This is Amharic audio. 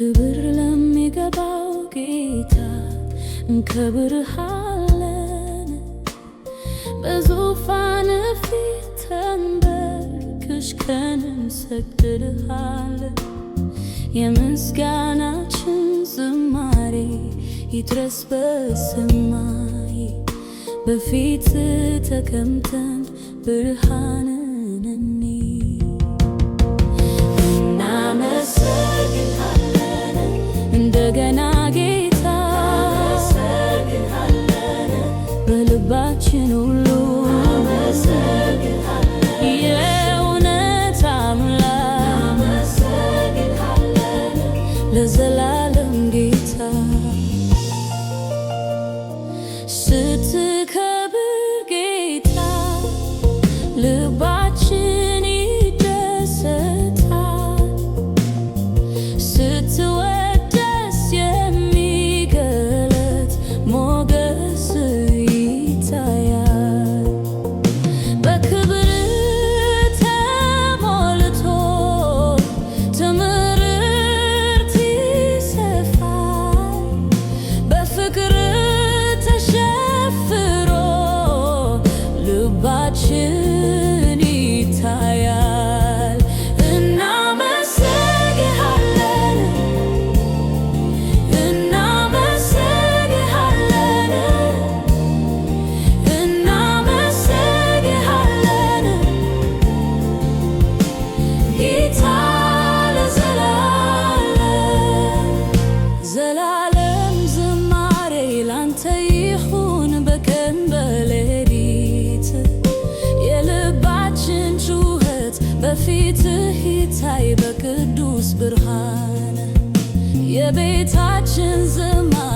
ክብር ለሚገባው ጌታ እንከብርሃለን በዙፋን ፊት ተንበርክከን ቀንም የምስጋናችን ዝማሬ ይድረስ በሰማይ በፊት ተቀምጠን ብርሃንን እኔ እናመሰግናለን እንደገና ጌታ በልባችን ሁሉ የእውነት አምላክ ለዘላለም ጌታ ስትል ፊትህ ይታይ በቅዱስ ብርሃን የቤታችን ዘማ